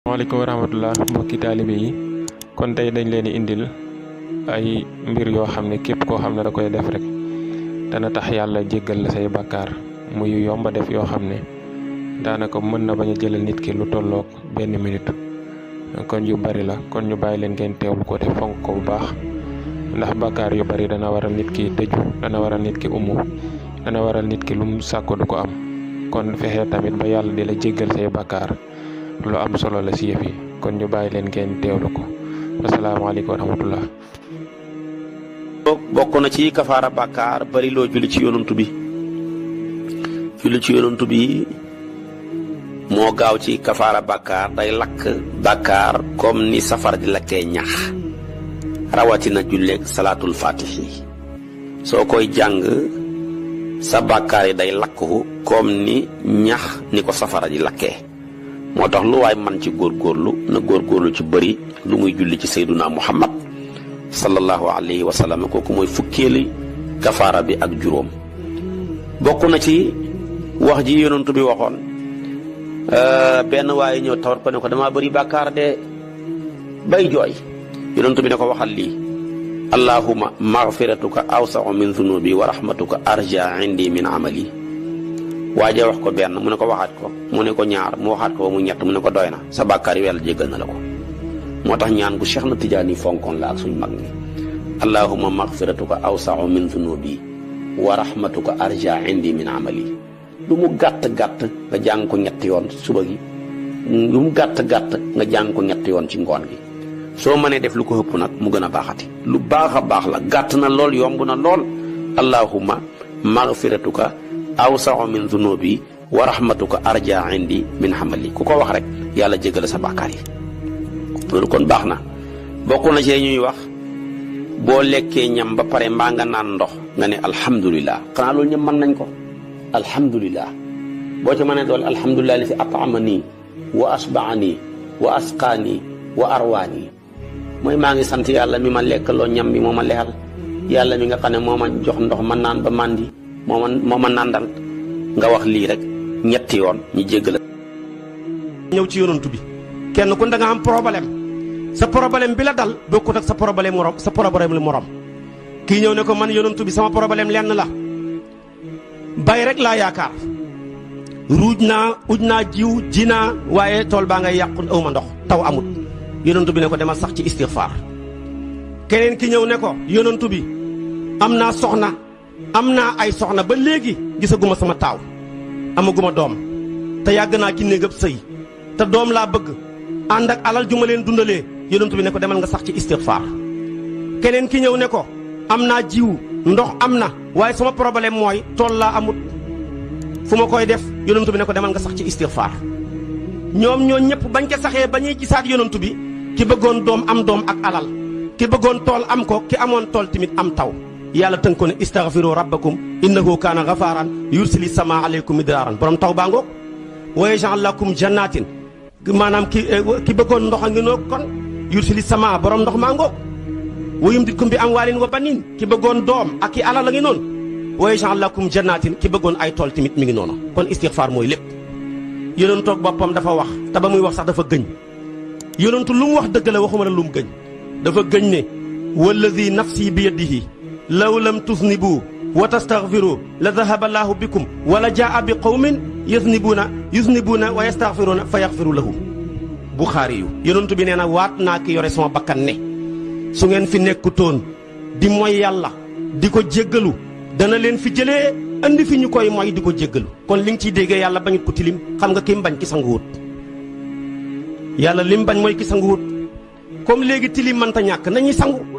assalamualaikum warahmatullahi wabarakatuh mbokki kon tay dañ leen indil ay mbir yo xamne kep ko xamne da koy def rek dana tax yalla jéggal la say bàkkaar muy yomba def yo xamne ne daanaka mën na baña jëlal nit ki lu tolloog ben minute kon yu bari la kon ñu bay leen ngeen tewul ko def fonk ko bu baax ndax bàkkaar yu bari dana waral nit ki dana waral nit ki umu dana waral nit ki lu mu sàkku du ko am kon fexé tamit ba yalla di la jéggal say lu am solo la ci yef yi kon ñu bayi len gën téwlu ko alaykum wa rahmatullah bokk na ci kafara bakar bari lo julli ci yonantu bi julli ci yonantu bi mo gaaw ci kafara bakar day lak bakar, comme ni safar di laké ñax rawatina julle salatul fatihi so koy jang sa bàkkaar day lakku comme ni ñax ni ko safara di lakkee moo tax lu waay man ci góor góorgóorlu na góorgóorlu ci bari lu muy julli ci sayduna muhammad sallallahu alayhi wa sallam kooku mooy fukkeeli kafaara bi ak juróom bokk na ci wax ji yonantu bi waxoon euh, benn waaye ñëw tawat ko ne ko damaa bari bàkkaar de bay jooy yonantu bi ne ko waxal lii allahuma maghfiratuka awsau min zunubi wa rahmatuka arja indi min amali waaja wax ko benn mu ne ko waxaat ko mu ne ko ñaar mu waxaat ko ba mu ñett mu ne ko doy na sa bàkkaar yi yàlla na la ko moo tax ñaan gu Cheikh na Tijaani fonkoon la ak suñ mag ñi allahuma aw awsau min zunubi wa ko arja indi min amali lu mu gàtt-gàtt nga jàng ko ñett yoon suba gi lu mu gàtt-gàtt nga jàng ko ñett yoon ci ngoon gi soo mënee def lu ko ëpp nag mu gën a baaxati lu baax a baax la gàtt na lool yomb na lool allahuma maxfiratuka awsa'u min dhunubi wa rahmatuka arja indi min hamali kuko wax rek yalla jegal sa bakari yi kon baxna na na ci ñuy wax bo lekke ñam ba pare ma nga nan ndox nga ne alhamdulillah xanaa manenko ñam nañ ko alhamdulillah bo ci mané dol alhamdulillah li fi atamani wa asbaani wa asqani wa arwani moy ma ngi sant yalla mi ma lo ñam bi moma lehal yalla mi nga xane moma jox ndox man nan ba mandi moo man nandal nga wax li rek ñetti yoon ñu jéggal ñew ci yoonu bi kenn ku da nga am problème sa problème bi la dal bokku ak sa problème morom sa problème li morom ki ñew ne ko man yoonu bi sama problème lenn la bay rek la yaakar rujna ujna jiw jina waye tol ba ngay yàqu ndox taw amut yonantu bi ne ko demal sax ci istighfar keneen ki ñew ne ko yonantu bi amna soxna Amna ay soxna ba legi gisaguma sama taw amaguma dom te yàgg na ki néegab sëy te dom la beug andak alal juma len dundale yonentou bi ne ko demal nga sax ci istighfar kenen ki ñew ne ko jiwu ndox amna, waye sama problème moy tol la amut fuma koy def yonentou bi ne ko demal nga sax ci istighfar. ñom ñoo ñep bañ ca saxé ba ci saat yonentou bi ki beggon dom am dom ak alal ki beggon tol am ko ki amon tol timit am taw yàlla tënk ne istaghfiru rabbakum innahu kaana ghafaaran yursili sama aleykum midraaran borom taw baa ngoog wa yaj'al lakum jannatin maanaam ki ki bëggoon ndox a ngi noo kon yursili sama borom ndox maa ngoog wa yumditkum bi amwaalin wa baniin ki bëggoon doom ak ki alal a ngi noonu wa yaj'al lakum jannatin ki bëggoon ay tool tamit mi ngi noonu kon istighfar mooy lépp yonent toog boppam dafa wax te ba muy wax sax dafa gëñ yonentu lu mu wax dëgg la waxuma la lu mu gëñ dafa gëñ ne walladi nafsi bi yadihi law lam tusnibu wa tastaghfiru la dhahaba allahu bikum wala jaa bi qawmin yusnibuuna yusnibuuna wa na fa yaghfiru lahum buxaari yu yonent bi nee na waat naa ki yore sama bakkan ne su ngeen fi nekkutoon di mooy yàlla di ko jéggalu dana leen fi jëlee andi fi ñu koy mooy di ko jéggalu kon li nga ciy déggee yàlla bañut ko tilim xam nga ki bañ ki sanguwut yàlla lim bañ mooy ki sanguwut comme léegi tilim mënta ñàkk nañuy sangu